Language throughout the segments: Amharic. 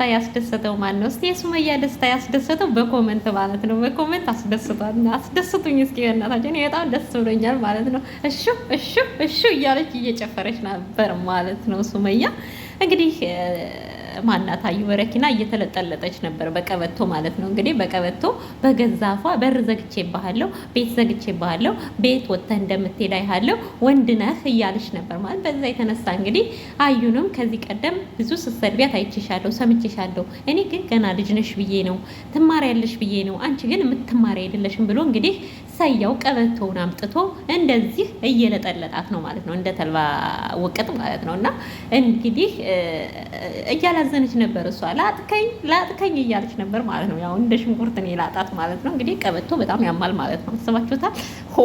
ደስታ ያስደሰተው ማን ነው? እስቲ የሱመያ ደስታ ያስደሰተው በኮመንት ማለት ነው። በኮመንት አስደስቷል። አስደስቱኝ እስኪ በእናታችን በጣም ደስ ብሎኛል ማለት ነው። እሹ እሹ እሹ እያለች እየጨፈረች ነበር ማለት ነው ሱመያ እንግዲህ ማናት አዩ በረኪና እየተለጠለጠች ነበር፣ በቀበቶ ማለት ነው እንግዲህ። በቀበቶ በገዛፏ በር ዘግቼ ባሃለው፣ ቤት ዘግቼ ባሃለው፣ ቤት ወጥተህ እንደምትሄድ አይሃለው፣ ወንድ ነህ እያለች ነበር ማለት። በዛ የተነሳ እንግዲህ አዩንም ከዚህ ቀደም ብዙ ስትሰድቢያት አይቼሻለሁ፣ ሰምቼሻለሁ። እኔ ግን ገና ልጅ ነሽ ብዬ ነው ትማሪያለሽ ብዬ ነው፣ አንቺ ግን የምትማሪ አይደለሽም ብሎ እንግዲህ እሰየው ቀበቶውን አምጥቶ እንደዚህ እየለጠለጣት ነው ማለት ነው፣ እንደ ተልባ ውቅጥ ማለት ነው። እና እንግዲህ እያላዘነች ነበር እሷ ላጥከኝ ላጥከኝ እያለች ነበር ማለት ነው። ያው እንደ ሽንኩርት እኔ ላጣት ማለት ነው። እንግዲህ ቀበቶ በጣም ያማል ማለት ነው። አስባችሁታል ሆ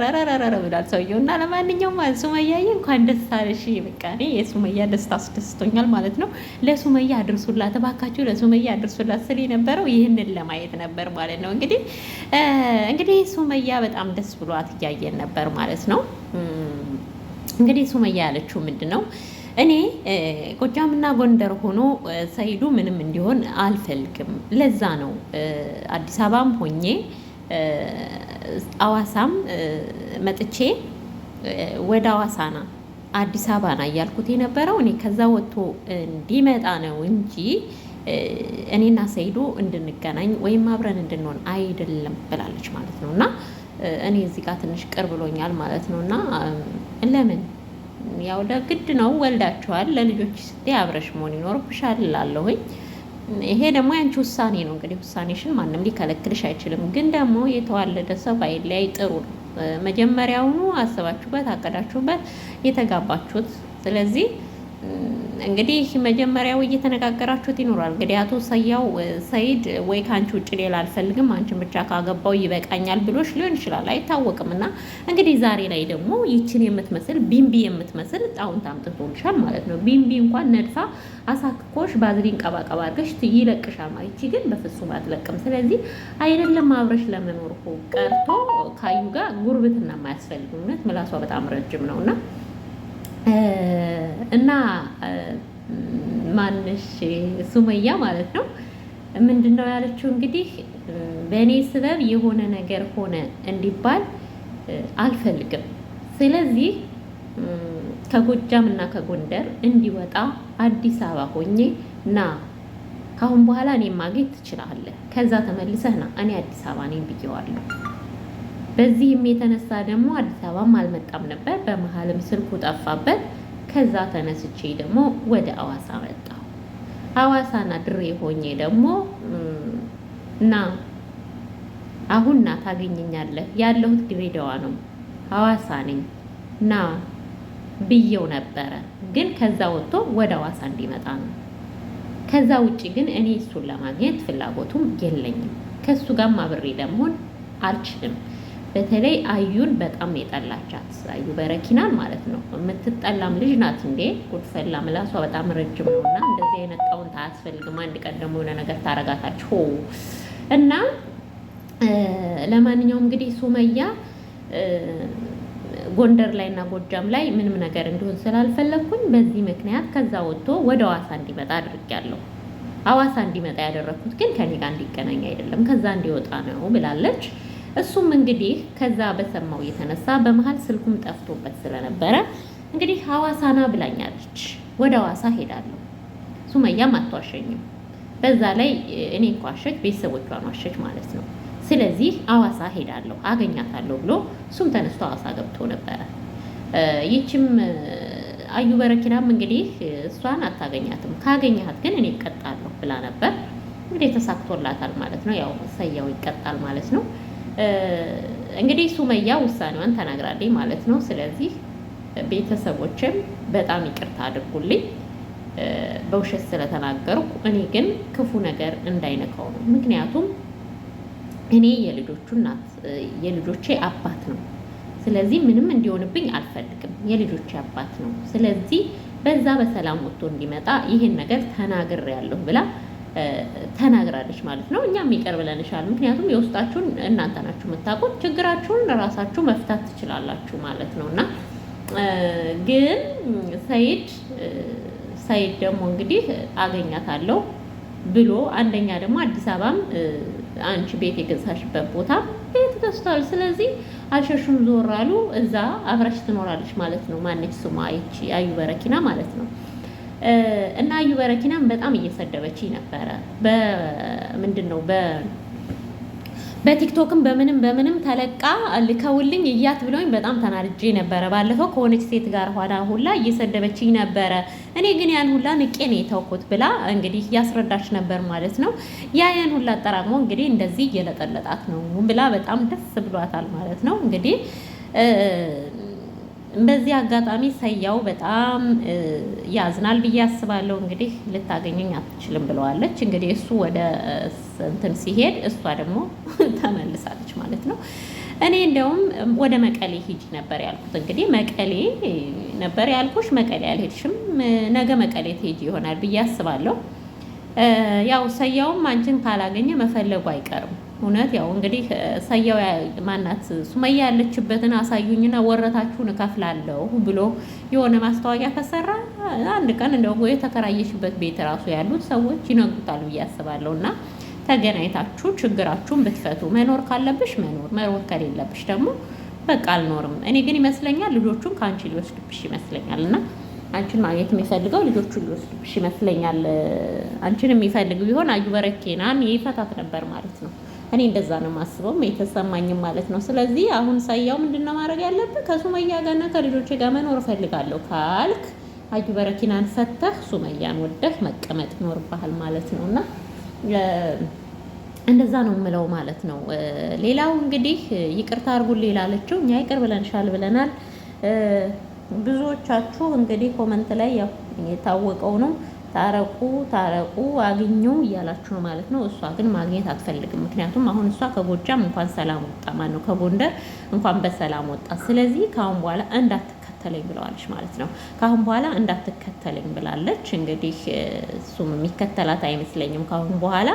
ረረረረ ብላል ሰውየው። እና ለማንኛውም ሱመያዬ እንኳን ደስ አለሽ። በቃ እኔ የሱመያ ደስታ አስደስቶኛል ማለት ነው። ለሱመያ አድርሱላት እባካችሁ፣ ለሱመያ አድርሱላት ስል የነበረው ይህንን ለማየት ነበር ማለት ነው። እንግዲህ እንግዲህ ሱመያ በጣም ደስ ብሏት እያየን ነበር ማለት ነው። እንግዲህ ሱመያ ያለችው ምንድን ነው? እኔ ጎጃምና ጎንደር ሆኖ ሰይዱ ምንም እንዲሆን አልፈልግም። ለዛ ነው አዲስ አበባም ሆኜ አዋሳም መጥቼ ወደ አዋሳና አዲስ አበባ ና እያልኩት የነበረው እኔ ከዛ ወጥቶ እንዲመጣ ነው እንጂ እኔና ሰይዱ እንድንገናኝ ወይም አብረን እንድንሆን አይደለም ብላለች ማለት ነው። እና እኔ እዚህ ጋር ትንሽ ቅር ብሎኛል ማለት ነው። እና ለምን ያው ለግድ ነው፣ ወልዳችኋል። ለልጆች ስትይ አብረሽ መሆን ይኖርብሻል እላለሁኝ። ይሄ ደግሞ ያንቺ ውሳኔ ነው። እንግዲህ ውሳኔሽን ማንም ሊከለክልሽ አይችልም። ግን ደግሞ የተዋለደ ሰው ባይለያይ ጥሩ ነው። መጀመሪያውኑ አስባችሁበት፣ አቀዳችሁበት የተጋባችሁት ስለዚህ እንግዲህ መጀመሪያው እየተነጋገራችሁት ይኖራል። እንግዲህ አቶ ሰያው ሰይድ ወይ ከአንቺ ውጭ ሌላ አልፈልግም አንቺን ብቻ ካገባው ይበቃኛል ብሎሽ ሊሆን ይችላል፣ አይታወቅም። እና እንግዲህ ዛሬ ላይ ደግሞ ይችን የምትመስል ቢንቢ የምትመስል ጣውንት አምጥቶልሻል ማለት ነው። ቢንቢ እንኳን ነድፋ አሳክኮሽ ባዝሊን ቀባቀባ አድርገሽ ይለቅሻል ማለት ይቺ ግን በፍጹም አትለቅም። ስለዚህ አይደለም አብረሽ ለመኖር ቀርቶ ካዩ ጋር ጉርብትና የማያስፈልግ እውነት ምላሷ በጣም ረጅም ነውና እና ማንሽ ሱመያ ማለት ነው ምንድን ነው ያለችው? እንግዲህ በእኔ ስበብ የሆነ ነገር ሆነ እንዲባል አልፈልግም። ስለዚህ ከጎጃም እና ከጎንደር እንዲወጣ አዲስ አበባ ሆኜ ና፣ ካሁን በኋላ እኔ ማግኘት ትችላለህ፣ ከዛ ተመልሰህ ና፣ እኔ አዲስ አበባ ነኝ ብዬዋለሁ። በዚህም የተነሳ ደግሞ አዲስ አበባም አልመጣም ነበር። በመሀልም ስልኩ ጠፋበት። ከዛ ተነስቼ ደግሞ ወደ አዋሳ መጣሁ። አዋሳና ድሬ ሆኜ ደግሞ ና አሁን ና ታገኘኛለህ፣ ያለሁት ድሬዳዋ ነው፣ አዋሳ ነኝ ና ብየው ነበረ። ግን ከዛ ወጥቶ ወደ አዋሳ እንዲመጣ ነው። ከዛ ውጭ ግን እኔ እሱን ለማግኘት ፍላጎቱም የለኝም። ከእሱ ጋር አብሬ ለመሆን አልችልም። በተለይ አዩን በጣም የጠላቻት አዩ በረኪናን ማለት ነው። የምትጠላም ልጅ ናት እንዴ! ጉድፈላ ምላሷ በጣም ረጅም ነው እና እንደዚህ አይነት ጣውንት አያስፈልግም። አንድ ቀን ደግሞ የሆነ ነገር ታረጋታችሁ እና ለማንኛውም እንግዲህ ሱመያ ጎንደር ላይ እና ጎጃም ላይ ምንም ነገር እንዲሆን ስላልፈለግኩኝ በዚህ ምክንያት ከዛ ወጥቶ ወደ ሐዋሳ እንዲመጣ አድርጌያለሁ። ሐዋሳ እንዲመጣ ያደረግኩት ግን ከኔ ጋር እንዲገናኝ አይደለም፣ ከዛ እንዲወጣ ነው ብላለች። እሱም እንግዲህ ከዛ በሰማው የተነሳ በመሀል ስልኩም ጠፍቶበት ስለነበረ እንግዲህ ሀዋሳና ብላኛለች። ወደ ሀዋሳ ሄዳለሁ፣ ሱመያም አትዋሸኝም። በዛ ላይ እኔ ኳሸች፣ ቤተሰቦቿን ዋሸች ማለት ነው። ስለዚህ ሀዋሳ ሄዳለሁ፣ አገኛታለሁ ብሎ እሱም ተነስቶ ሀዋሳ ገብቶ ነበረ። ይችም አዩ በረኪናም እንግዲህ እሷን አታገኛትም፣ ካገኛት ግን እኔ እቀጣለሁ ብላ ነበር። እንግዲህ ተሳክቶላታል ማለት ነው። ያው ሰያው ይቀጣል ማለት ነው። እንግዲህ ሱመያ ውሳኔዋን ተናግራለኝ ማለት ነው። ስለዚህ ቤተሰቦችም በጣም ይቅርታ አድርጉልኝ በውሸት ስለተናገርኩ። እኔ ግን ክፉ ነገር እንዳይነካው ነው። ምክንያቱም እኔ የልጆቹ እናት የልጆቼ አባት ነው። ስለዚህ ምንም እንዲሆንብኝ አልፈልግም። የልጆቼ አባት ነው። ስለዚህ በዛ በሰላም ወጥቶ እንዲመጣ ይህን ነገር ተናግሬያለሁ ብላ ተናግራለች ማለት ነው። እኛም ይቅር ብለንሻል። ምክንያቱም የውስጣችሁን እናንተ ናችሁ የምታውቁት፣ ችግራችሁን ራሳችሁ መፍታት ትችላላችሁ ማለት ነው እና ግን ሰይድ ሰይድ ደግሞ እንግዲህ አገኛታለሁ ብሎ አንደኛ ደግሞ አዲስ አበባም አንቺ ቤት የገዛሽበት ቦታ ቤት ገዝቷል። ስለዚህ አልሸሹም ዞር አሉ። እዛ አብራሽ ትኖራለች ማለት ነው። ማነች ስሟ? ይቺ አዩ በረኪና ማለት ነው። እና አዩ በረኪናም በጣም እየሰደበች ነበረ። በምንድን ነው በቲክቶክም በምንም በምንም ተለቃ ልከውልኝ እያት ብለውኝ በጣም ተናድጄ ነበረ። ባለፈው ከሆነች ሴት ጋር ኋላ ሁላ እየሰደበችኝ ነበረ። እኔ ግን ያን ሁላ ንቄ ነው የተውኩት ብላ እንግዲህ ያስረዳች ነበር ማለት ነው። ያ ያን ሁላ አጠራቅሞ እንግዲህ እንደዚህ እየለጠለጣት ነው ብላ በጣም ደስ ብሏታል ማለት ነው እንግዲህ በዚህ አጋጣሚ ሰያው በጣም ያዝናል ብዬ አስባለሁ። እንግዲህ ልታገኘኝ አትችልም ብለዋለች። እንግዲህ እሱ ወደ እንትን ሲሄድ እሷ ደግሞ ተመልሳለች ማለት ነው። እኔ እንደውም ወደ መቀሌ ሂጂ ነበር ያልኩት። እንግዲህ መቀሌ ነበር ያልኩሽ፣ መቀሌ አልሄድሽም። ነገ መቀሌ ትሄጂ ይሆናል ብዬ አስባለሁ። ያው ሰያውም አንቺን ካላገኘ መፈለጉ አይቀርም። እውነት ያው እንግዲህ ሰያው ማናት ሱመያ ያለችበትን አሳዩኝና ወረታችሁን እከፍላለሁ ብሎ የሆነ ማስታወቂያ ከሰራ አንድ ቀን እንደው የተከራየሽበት ቤት ራሱ ያሉት ሰዎች ይነግሩታል ብዬ አስባለሁ። እና ተገናኝታችሁ ችግራችሁን ብትፈቱ መኖር ካለብሽ መኖር፣ መኖር ከሌለብሽ ደግሞ በቃ አልኖርም። እኔ ግን ይመስለኛል ልጆቹን ከአንቺ ሊወስድብሽ ይመስለኛል እና አንቺን ማግኘት የሚፈልገው ልጆቹን ሊወስድብሽ ይመስለኛል። አንቺን የሚፈልግ ቢሆን አዩ በረኬናን ይፈታት ነበር ማለት ነው። እኔ እንደዛ ነው የማስበው የተሰማኝም ማለት ነው። ስለዚህ አሁን ሳያው ምንድን ነው ማድረግ ያለብህ ከሱመያ ጋርና ከልጆች ጋር መኖር እፈልጋለሁ ካልክ አዩ በረኪናን ፈተህ ሱመያን ወደህ መቀመጥ ይኖርብሃል ማለት ነው። እና እንደዛ ነው የምለው ማለት ነው። ሌላው እንግዲህ ይቅርታ አድርጉልኝ ላለችው እኛ ይቅር ብለንሻል ብለናል። ብዙዎቻችሁ እንግዲህ ኮመንት ላይ ያው የታወቀው ነው ታረቁ ታረቁ አግኙ እያላችሁ ነው ማለት ነው። እሷ ግን ማግኘት አትፈልግም። ምክንያቱም አሁን እሷ ከጎጃም እንኳን ሰላም ወጣ ነው ከጎንደር እንኳን በሰላም ወጣ። ስለዚህ ከአሁን በኋላ እንዳትከተለኝ ብለዋለች ማለት ነው። ከአሁን በኋላ እንዳትከተለኝ ብላለች። እንግዲህ እሱም የሚከተላት አይመስለኝም ከአሁን በኋላ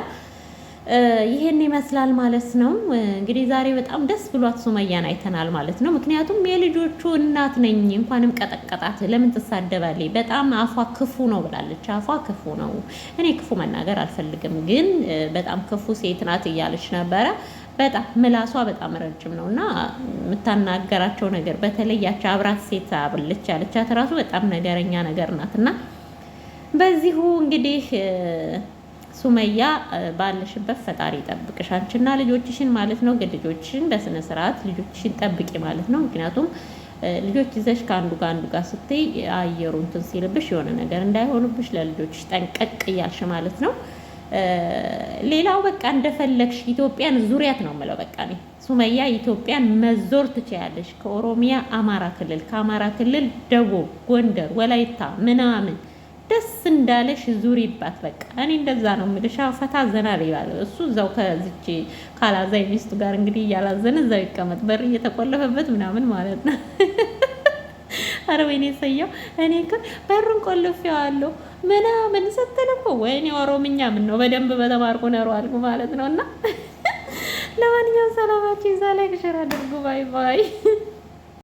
ይሄን ይመስላል ማለት ነው። እንግዲህ ዛሬ በጣም ደስ ብሏት ሱመያን አይተናል ማለት ነው። ምክንያቱም የልጆቹ እናት ነኝ እንኳንም ቀጠቀጣት፣ ለምን ትሳደባለች? በጣም አፏ ክፉ ነው ብላለች። አፏ ክፉ ነው። እኔ ክፉ መናገር አልፈልግም፣ ግን በጣም ክፉ ሴት ናት እያለች ነበረ። በጣም ምላሷ በጣም ረጅም ነው እና የምታናገራቸው ነገር በተለይ ያች አብራት ሴት አብልች ያለቻት ራሱ በጣም ነገረኛ ነገር ናት እና በዚሁ እንግዲህ ሱመያ ባለሽበት ፈጣሪ ጠብቅሽ አንቺና ልጆችሽን ማለት ነው። ግን ልጆችሽን በስነ ስርዓት ልጆችሽን ጠብቂ ማለት ነው። ምክንያቱም ልጆች ይዘሽ ከአንዱ ጋር አንዱ ጋር ስትይ አየሩ እንትን ሲልብሽ የሆነ ነገር እንዳይሆኑብሽ ለልጆችሽ ጠንቀቅ እያልሽ ማለት ነው። ሌላው በቃ እንደፈለግሽ ኢትዮጵያን ዙሪያት ነው የምለው። በቃ እኔ ሱመያ ኢትዮጵያን መዞር ትችያለሽ። ከኦሮሚያ አማራ ክልል፣ ከአማራ ክልል ደቡብ፣ ጎንደር፣ ወላይታ ምናምን ደስ እንዳለሽ ዙሪባት። በቃ እኔ እንደዛ ነው የምልሽ። ፈታ ዘና ይባል እሱ እዛው ከዚች ካላዛ ሚስቱ ጋር እንግዲህ እያላዘነ እዛው ይቀመጥ፣ በር እየተቆለፈበት ምናምን ማለት ነው። አረ ወይኔ ሰየው። እኔ ግን በሩን ቆልፌዋለሁ ምናምን ስትል እኮ ወይኔ ኦሮምኛ ምን ነው በደንብ በተማርኩ ነሩ አልኩ ማለት ነው። እና ለማንኛውም ሰላማችሁ ይዛ ላይ ክሽር አድርጉ። ባይ ባይ